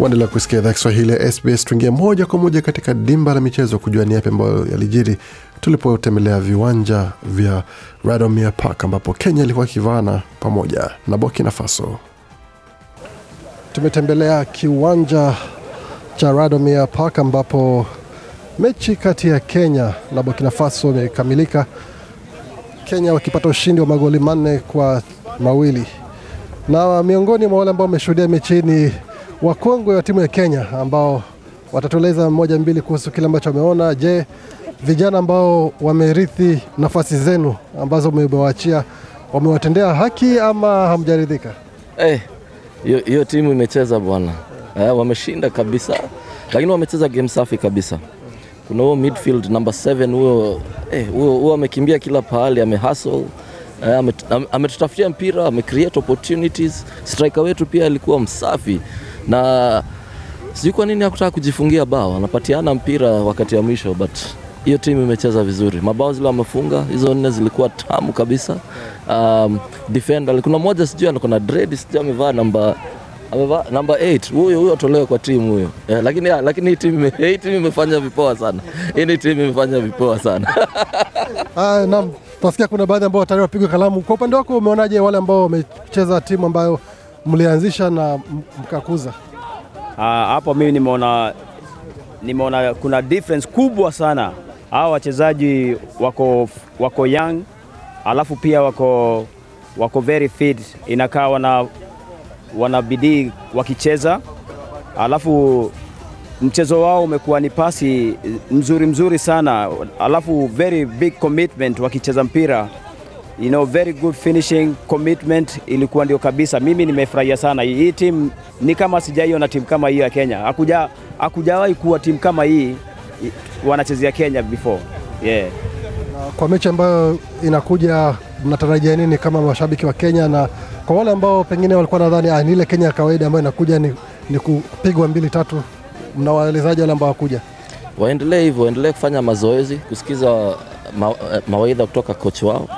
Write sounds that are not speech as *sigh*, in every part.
Waendelea kusikia idhaa Kiswahili ya SBS. Tuingia moja kwa moja katika dimba la michezo kujua ni yapi ambayo yalijiri tulipotembelea viwanja vya Radomir Park ambapo Kenya ilikuwa kivana pamoja na Burkina Faso. Tumetembelea kiwanja cha Radomir Park ambapo mechi kati ya Kenya na Burkina Faso imekamilika, Kenya wakipata ushindi wa magoli manne kwa mawili, na miongoni mwa wale ambao wameshuhudia mechi hii ni wakongwe wa timu ya Kenya ambao watatueleza moja mbili kuhusu kile ambacho wameona. Je, vijana ambao wamerithi nafasi zenu ambazo mmewaachia wamewatendea haki ama hamjaridhika? Eh, hiyo hey, timu imecheza bwana hey, eh, wameshinda kabisa, lakini wamecheza game safi kabisa. Kuna huo midfield number 7 huyo huyo amekimbia kila pahali, amehustle eh, ametutafutia ame mpira, amecreate opportunities. Striker wetu pia alikuwa msafi na sijui kwa nini hakutaka kujifungia bao, anapatiana mpira wakati ya mwisho, but hiyo timu imecheza vizuri, mabao zile wamefunga hizo nne zilikuwa tamu kabisa. Um, defender kuna mmoja sijui anako na dread sijui amevaa namba amevaa namba 8 huyo huyo atolewe kwa timu huyo eh, lakini ya, ah, lakini hii timu *laughs* hii timu imefanya vipoa sana, hii timu imefanya vipoa sana *laughs* ah, naam, tunasikia kuna baadhi ambao watarajiwa wapigwa kalamu. Kwa upande wako umeonaje wale ambao wamecheza timu ambayo mlianzisha na mkakuza ah, hapo. Mimi nimeona nimeona kuna difference kubwa sana. Hawa wachezaji wako, wako young alafu pia wako, wako very fit, inakaa wana, wana bidii wakicheza, alafu mchezo wao umekuwa ni pasi mzuri mzuri sana, alafu very big commitment wakicheza mpira you know, very good finishing commitment ilikuwa ndio kabisa. Mimi nimefurahia sana hii team, ni kama sijaiona timu kama hii ya Kenya, hakuja hakujawahi kuwa timu kama hii wanachezea Kenya before yeah. Kwa mechi ambayo inakuja mnatarajia nini kama mashabiki wa Kenya, na kwa wale ambao pengine walikuwa nadhani ah, ni ile Kenya ya kawaida ambayo inakuja ni, ni kupigwa mbili tatu, mnawaelezaje wale ambao wakuja? Waendelee hivyo, waendelee kufanya mazoezi, kusikiza ma, eh, mawaidha kutoka kocha wao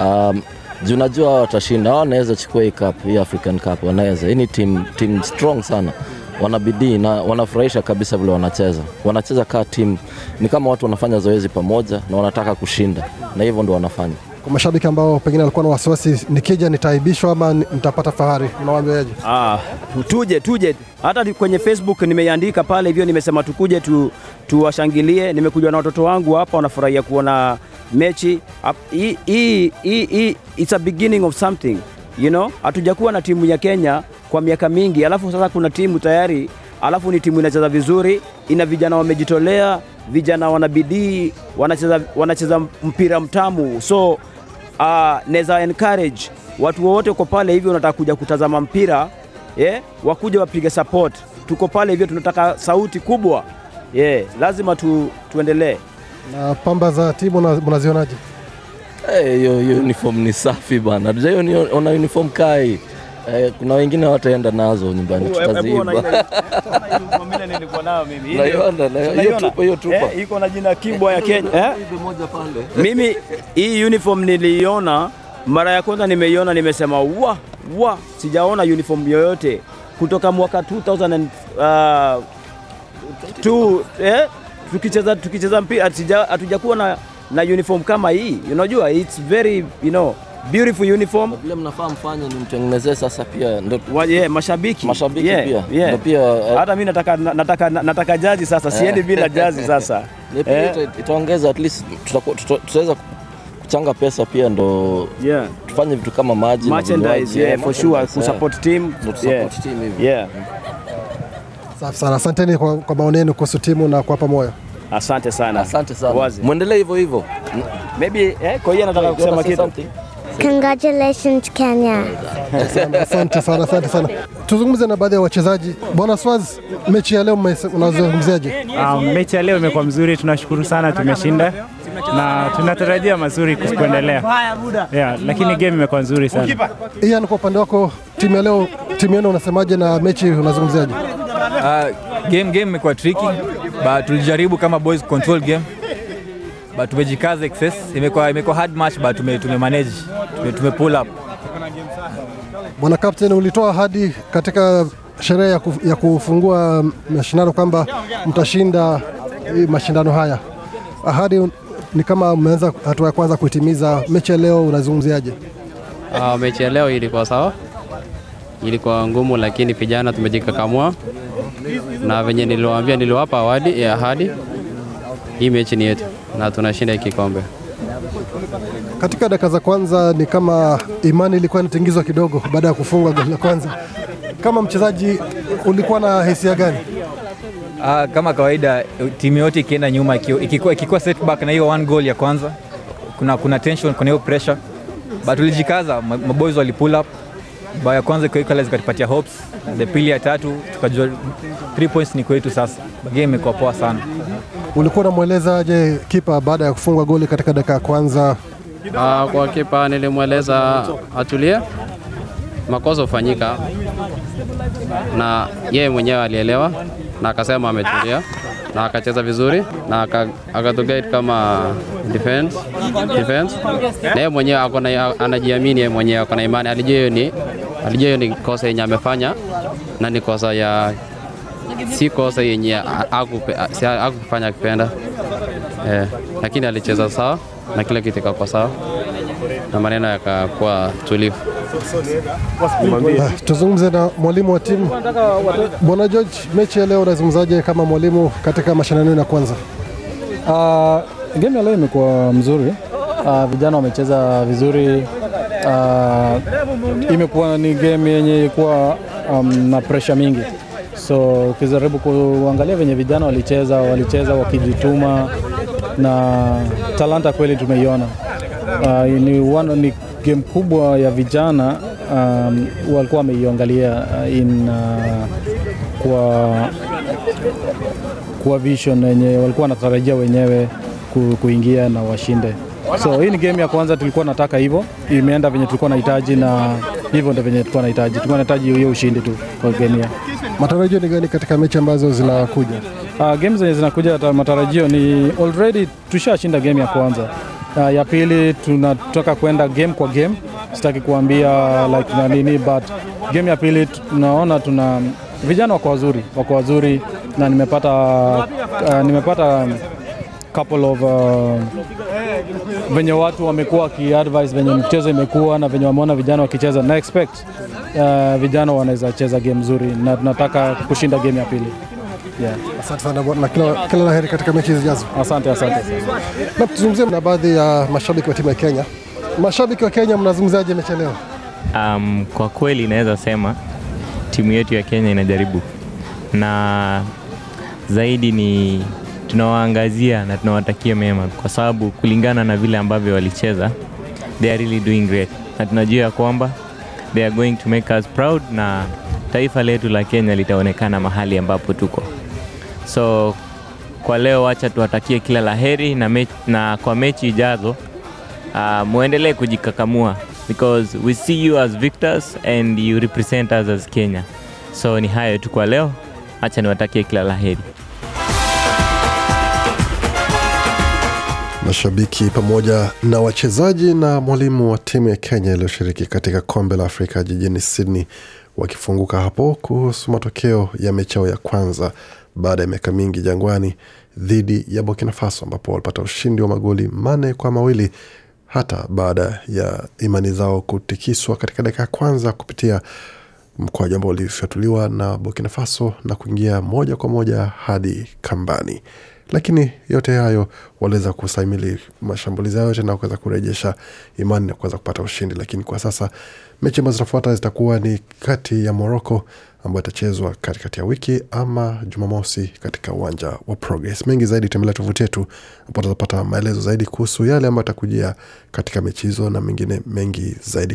um, juu watashinda watashinda, wanaweza chukua hii cup, hii African Cup wanaweza. Hii ni team, team strong sana, wanabidii na wanafurahisha kabisa vile wanacheza. Wanacheza kaa tim ni kama watu wanafanya zoezi pamoja na wanataka kushinda, na hivyo ndo wanafanya. Kwa mashabiki ambao pengine walikuwa na wasiwasi, nikija nitaaibishwa ama nitapata fahari, unawaambiaje? Ah, tuje tuje, hata kwenye Facebook nimeiandika pale hivyo, nimesema tukuje tu tuwashangilie. Nimekuja na watoto wangu hapa, wanafurahia kuona mechi hii, it's a beginning of something you know. Hatujakuwa na timu ya Kenya kwa miaka mingi, alafu sasa kuna timu tayari, alafu ni timu inacheza vizuri, ina vijana wamejitolea, vijana wana bidii, wanacheza wanacheza mpira mtamu, so uh, naweza encourage watu wowote uko pale hivyo, unataka kuja kutazama mpira yeah, wakuja wapige support. Tuko pale hivyo, tunataka sauti kubwa yeah, lazima tu, tuendelee. Na pamba za timu mnazionaje? Eh, hiyo hey, uniform ni safi bana, ona uniform kai Eh, kuna wengine wataenda nazo nyumbani, tutaziiba. Eh, iko na jina kibwa ya *laughs* Kenya. Eh? *laughs* Mimi hii uniform niliiona mara ya kwanza, nimeiona nimesema, wa wa, sijaona uniform yoyote kutoka mwaka 2000 uh, eh tukicheza tukicheza mpira hatujakuwa na, na uniform kama hii. Unajua you know, it's very you know beautiful uniform. Vile mnafaa mfanye ni mtengenezee sasa pia ndio yeah, mashabiki mashabiki yeah, pia yeah. Ndio pia eh, hata mimi nataka nataka nataka jazi sasa yeah. Siendi bila eh. jazi sasa *laughs* yeah. Eh. yeah. Itaongeza at least tutaweza tuta, kuchanga pesa pia ndo yeah. Tufanye vitu kama maji merchandise yeah, yeah, for sure ku support team yeah. team hivi yeah. Safi sana, asanteni kwa, kwa maoni yenu kuhusu timu na kuwapa moyo. Asante sana, asante sana, mwendelee hivyo hivyo. Maybe eh, kwa hiyo nataka kusema kitu. Congratulations Kenya. Asante sana, asante sana. Tuzungumze na baadhi ya wachezaji. Bwana Swaz, mechi ya leo unazungumziaje? Um, mechi ya leo imekuwa mzuri, tunashukuru sana, tumeshinda na tunatarajia mazuri kuendelea. Yeah, lakini game imekuwa nzuri sana. Ian, kwa upande wako timu ya leo, timu yenu unasemaje na mechi unazungumziaje? Uh, game game imekuwa tricky but tulijaribu kama boys control game but tumejikaza excess. Imekuwa imekuwa hard match but tume, tume manage tume, tume pull up. mwana captain, ulitoa hadi katika sherehe ya, ya kufungua mashindano kwamba mtashinda mashindano haya. Ahadi ni kama umeanza hatua ya kwanza kuitimiza. Mechi ya leo unazungumziaje? Uh, mechi ya leo ilikuwa sawa, ilikuwa ngumu, lakini vijana tumejikakamua na venye niliwaambia, niliwapa awadi ya ahadi, hii mechi ni yetu na tunashinda hiki kikombe. Katika dakika za kwanza ni kama imani ilikuwa inatingizwa kidogo baada ya kufunga goli la kwanza. Kama mchezaji ulikuwa na hisia gani? Aa, ah, kama kawaida timu yote ikienda nyuma ikikuwa, ikikuwa setback na hiyo one goal ya kwanza, kuna, kuna tension, kuna hiyo pressure, but tulijikaza, maboys walipull up bao ya kwanza ikatupatia hopes the pili ya tatu tukajua three points ni kwetu. Sasa game imekuwa poa sana. Ulikuwa unamweleza je kipa baada ya kufungwa goli katika dakika ya kwanza? Uh, kwa kipa nilimweleza atulie, makosa hufanyika, na yeye mwenyewe alielewa na akasema ametulia na akacheza vizuri na akatugate kama defense, defense. Na yeye mwenyewe anajiamini, yeye mwenyewe ako na imani, alijua hiyo ni alijua hiyo ni kosa yenye amefanya na ni kosa ya si kosa yenye akufanya akipenda, eh, lakini alicheza sawa na kila kitu ikakuwa sawa na maneno yakakuwa tulivu. Ah, tuzungumze na mwalimu wa timu Bwana George, mechi ya leo unazungumzaje kama mwalimu katika mashindano ya kwanza? Uh, game ya leo imekuwa mzuri. Uh, vijana wamecheza vizuri uh, imekuwa ni game yenye ilikuwa um, na pressure mingi, so ukijaribu kuangalia venye vijana walicheza walicheza wakijituma na talanta kweli tumeiona. Uh, ni, one, ni game kubwa ya vijana um, walikuwa wameiangalia in uh, kwa, kwa vision yenye walikuwa wanatarajia wenyewe kuingia na washinde. So hii ni game ya kwanza, tulikuwa nataka hivyo, imeenda venye tulikuwa nahitaji, na hivyo ndio venye tulikuwa nahitaji. Tulikuwa nahitaji hiyo ushindi tu kwa game. Matarajio ni gani katika mechi ambazo zinakuja? Uh, game zenye zinakuja, matarajio ni already tushashinda game ya kwanza. Uh, ya pili tunataka kwenda game kwa game, sitaki kuambia like na nini, but game ya pili tunaona tuna vijana wako wazuri, wako wazuri na nimepata uh, nimepata um, couple of uh, venye watu wamekuwa wakiadvise venye mchezo imekuwa na venye wameona vijana wakicheza, na expect uh, vijana wanaweza cheza game nzuri, na tunataka kushinda game ya pili. Yeah. Asante sana bwana, kila la heri katika mechi zijazo. Asante, asante. Na tuzungumzie na baadhi ya mashabiki wa timu ya Kenya. Mashabiki wa Kenya, mnazungumzaje mechi leo? Um, kwa kweli naweza sema timu yetu ya Kenya inajaribu na zaidi ni tunawaangazia na tunawatakia mema, kwa sababu kulingana na vile ambavyo walicheza, they are really doing great, na tunajua ya kwamba they are going to make us proud na taifa letu la Kenya litaonekana mahali ambapo tuko. So kwa leo, wacha tuwatakie kila laheri na, na kwa mechi ijazo uh, muendelee kujikakamua because we see you as victors and you represent us as Kenya. So ni hayo tu kwa leo, acha niwatakie kila laheri. Mashabiki pamoja na wachezaji na mwalimu wa timu ya Kenya iliyoshiriki katika kombe la Afrika jijini Sydney wakifunguka hapo kuhusu matokeo ya mechi yao ya kwanza baada ya miaka mingi Jangwani dhidi ya Burkina Faso, ambapo walipata ushindi wa magoli manne kwa mawili hata baada ya imani zao kutikiswa katika dakika ya kwanza kupitia kwa jambo ulifyatuliwa na Burkina Faso na kuingia moja kwa moja hadi kambani. Lakini yote hayo waliweza kustahimili mashambulizi hayo na kuweza kurejesha imani na kuweza kupata ushindi. Lakini kwa sasa mechi ambazo zitafuata zitakuwa ni kati ya Morocco ambayo itachezwa katikati ya wiki ama Jumamosi katika uwanja wa Progress. Mengi zaidi tembelea tovuti yetu ambapo utapata maelezo zaidi kuhusu yale ambayo atakujia katika mechi hizo na mengine mengi zaidi.